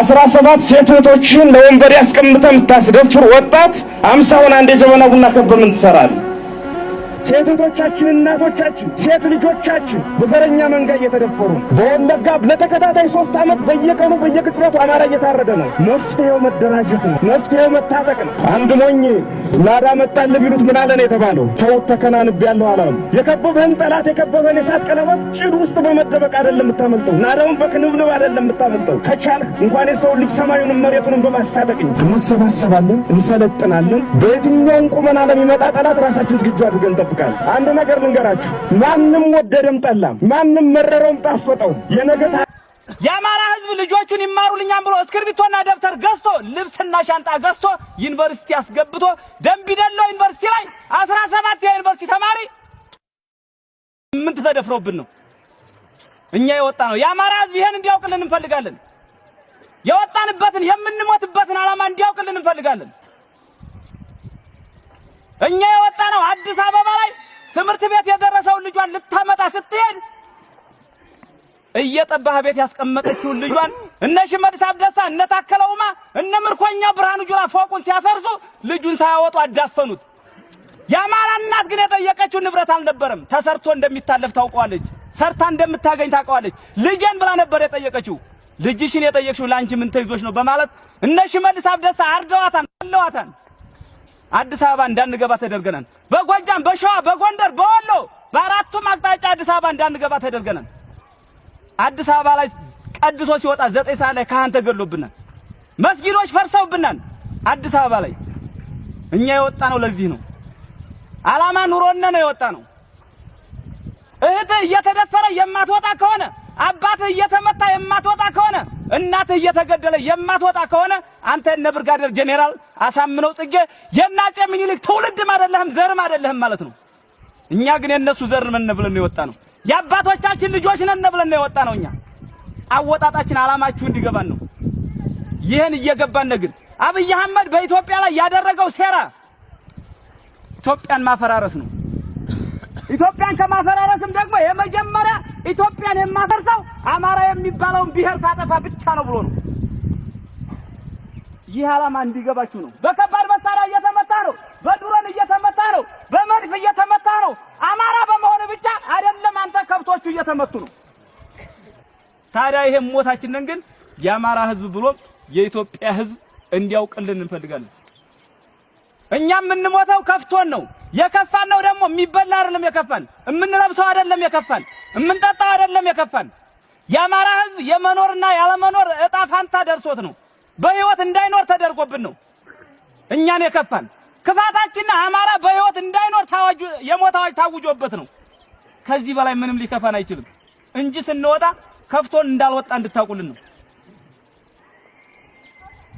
አስራ ሰባት ሴት እህቶችን ለወንበር ያስቀምጠ የምታስደፍር ወጣት አምሳውን አንድ የጀበና ቡና ከበምን ምን ትሰራለህ? ሴት እህቶቻችን፣ እናቶቻችን፣ ሴት ልጆቻችን በዘረኛ መንጋ እየተደፈሩ ነው። በወለጋ ለተከታታይ ሶስት ዓመት በየቀኑ በየቅጽበቱ አማራ እየታረደ ነው። መፍትሄው መደራጀት ነው። መፍትሄው መታጠቅ ነው። አንድ ሞኝ ላዳ መጣል ቢሉት ምን አለ ነው የተባለው? ተውት ተከናንብ ያለው አላለም። የከበበህን ጠላት የከበበህን የሳት ቀለበት ጭድ ውስጥ በመደበቅ አይደለም የምታመልጠው። ናዳውን በክንብንብ አይደለም የምታመልጠው። ከቻልህ እንኳን የሰውን ልጅ ሰማዩንም መሬቱንም በማስታጠቅ እንሰባሰባለን፣ እንሰለጥናለን። በየትኛውም ቁመና ለሚመጣ ጠላት ራሳችን ዝግጁ አድርገን ጠብቅ ይጠብቃል። አንድ ነገር ልንገራችሁ፣ ማንም ወደደም ጠላም፣ ማንም መረረውም ጣፈጠው የነገታ የአማራ ህዝብ ልጆቹን ይማሩልኛም ብሎ እስክርቢቶና ደብተር ገዝቶ ልብስና ሻንጣ ገዝቶ ዩኒቨርሲቲ አስገብቶ ደምቢዶሎ ዩኒቨርሲቲ ላይ አስራ ሰባት የዩኒቨርሲቲ ተማሪ ምን ተደፍሮብን ነው እኛ የወጣ ነው። የአማራ ህዝብ ይሄን እንዲያውቅልን እንፈልጋለን። የወጣንበትን የምንሞትበትን ዓላማ እንዲያውቅልን እንፈልጋለን። እኛ የወጣ ነው አዲስ አበባ ላይ ትምህርት ቤት የደረሰውን ልጇን ልታመጣ ስትሄድ እየጠባህ ቤት ያስቀመጠችውን ልጇን እነ ሽመልስ አብደሳ እነ ታከለ ኡማ እነ ምርኮኛ ብርሃኑ ጁላ ፎቁን ሲያፈርሱ ልጁን ሳያወጡ አዳፈኑት። የአማራ እናት ግን የጠየቀችው ንብረት አልነበረም። ተሰርቶ እንደሚታለፍ ታውቀዋለች። ሰርታ እንደምታገኝ ታውቀዋለች። ልጄን ብላ ነበር የጠየቀችው። ልጅሽን የጠየቅሽው ለአንቺ ምን ተይዞች ነው በማለት እነ ሽመልስ አብደሳ አርደዋታን አለዋታን። አዲስ አበባ እንዳንገባ ተደርገናል። በጎጃም፣ በሸዋ፣ በጎንደር፣ በወሎ በአራቱም አቅጣጫ አዲስ አበባ እንዳንገባ ተደርገናል። አዲስ አበባ ላይ ቀድሶ ሲወጣ ዘጠኝ ሰዓት ላይ ካህን ተገሎብናል። መስጊዶች ፈርሰውብናል። አዲስ አበባ ላይ እኛ የወጣ ነው ለዚህ ነው አላማ ኑሮነ ነው የወጣ ነው። እህት እየተደፈረ የማትወጣ ከሆነ አባትህ እየተመታ የማትወጣ ከሆነ እናትህ እየተገደለ የማትወጣ ከሆነ አንተ እነ ብርጋዴር ጄኔራል አሳምነው ጽጌ የናጼ ምኒልክ ትውልድም አይደለህም ዘርም አይደለህም ማለት ነው። እኛ ግን የነሱ ዘር ምን ብለን የወጣ ነው። የአባቶቻችን ልጆች ነን ብለን የወጣ ነው። እኛ አወጣጣችን አላማችሁ እንዲገባን ነው። ይህን እየገባን ግን አብይ አህመድ በኢትዮጵያ ላይ ያደረገው ሴራ ኢትዮጵያን ማፈራረስ ነው። ኢትዮጵያን ከማፈራረስም ደግሞ የመጀመሪያ ኢትዮጵያን የማፈርሰው አማራ የሚባለውን ብሔር ሳጠፋ ብቻ ነው ብሎ ነው። ይህ ዓላማ እንዲገባችሁ ነው። በከባድ መሳሪያ እየተመታ ነው። በድሮን እየተመታ ነው። በመድፍ እየተመታ ነው። አማራ በመሆኑ ብቻ አይደለም። አንተ ከብቶቹ እየተመቱ ነው። ታዲያ ይሄ ሞታችንን ግን የአማራ ሕዝብ ብሎም የኢትዮጵያ ሕዝብ እንዲያውቅልን እንፈልጋለን። እኛ የምንሞተው ከፍቶን ነው። የከፋን ነው ደግሞ የሚበላ አይደለም የከፋን፣ የምንለብሰው አይደለም የከፋን፣ የምንጠጣው አይደለም የከፋን። የአማራ ህዝብ የመኖርና ያለመኖር እጣ ፋንታ ደርሶት ነው። በህይወት እንዳይኖር ተደርጎብን ነው እኛን የከፋን። ክፋታችንና አማራ በህይወት እንዳይኖር ታዋጅ የሞት አዋጅ ታውጆበት ነው። ከዚህ በላይ ምንም ሊከፋን አይችልም እንጂ ስንወጣ ከፍቶን እንዳልወጣ እንድታውቁልን ነው።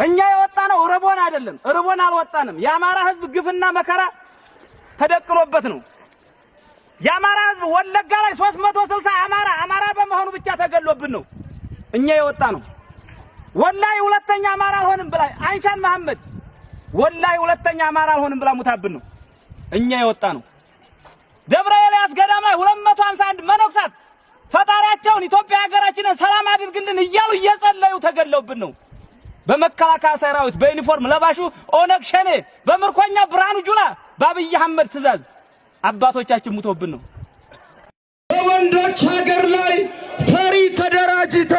እኛ የወጣ ነው ርቦን አይደለም፣ ርቦን አልወጣንም። የአማራ ህዝብ ግፍና መከራ ተደቅኖበት ነው። የአማራ ህዝብ ወለጋ ላይ 360 አማራ አማራ በመሆኑ ብቻ ተገሎብን ነው እኛ የወጣ ነው። ወላይ ሁለተኛ አማራ አልሆንም ብላ አይሻን መሐመድ ወላይ ሁለተኛ አማራ አልሆንም ብላ ሙታብን ነው እኛ የወጣ ነው። ደብረ ኤልያስ ገዳም ላይ 251 መነኩሳት ፈጣሪያቸውን ኢትዮጵያ ሀገራችንን ሰላም አድርግልን እያሉ እየጸለዩ ተገለውብን ነው። በመከላከያ ሰራዊት በዩኒፎርም ለባሹ ኦነግ ሸኔ በምርኮኛ ብርሃኑ ጁላ በአብይ አህመድ ትዕዛዝ አባቶቻችን ሙቶብን ነው። በወንዶች ሀገር ላይ ፈሪ ተደራጅቶ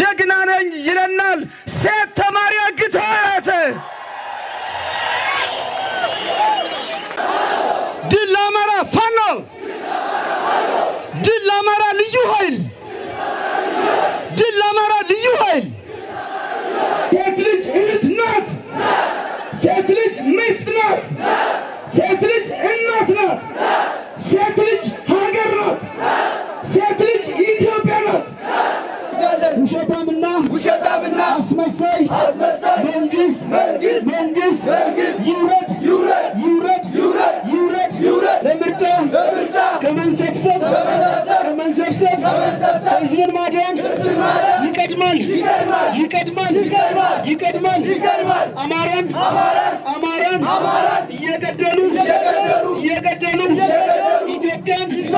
ጀግና ነኝ ይለናል። ሴት ተማሪ አግታት ድል ለአማራ ፋኖ መንግስት መንግስት መንግስት መንግስት ይውረድ ይውረድ ይውረድ ይውረድ ይውረድ ይውረድ ለምርጫ ለምርጫ ከመንሰብሰብ ከመንሰብሰብ ከመንሰብሰብ ከመንሰብሰብ ህዝብን ማዳን ህዝብን ማዳን ይቀድማል ይቀድማል ይቀድማል ይቀድማል ይቀድማል ይቀድማል አማራን አማራን አማራን አማራን እየገደሉ እየገደሉ እየገደሉ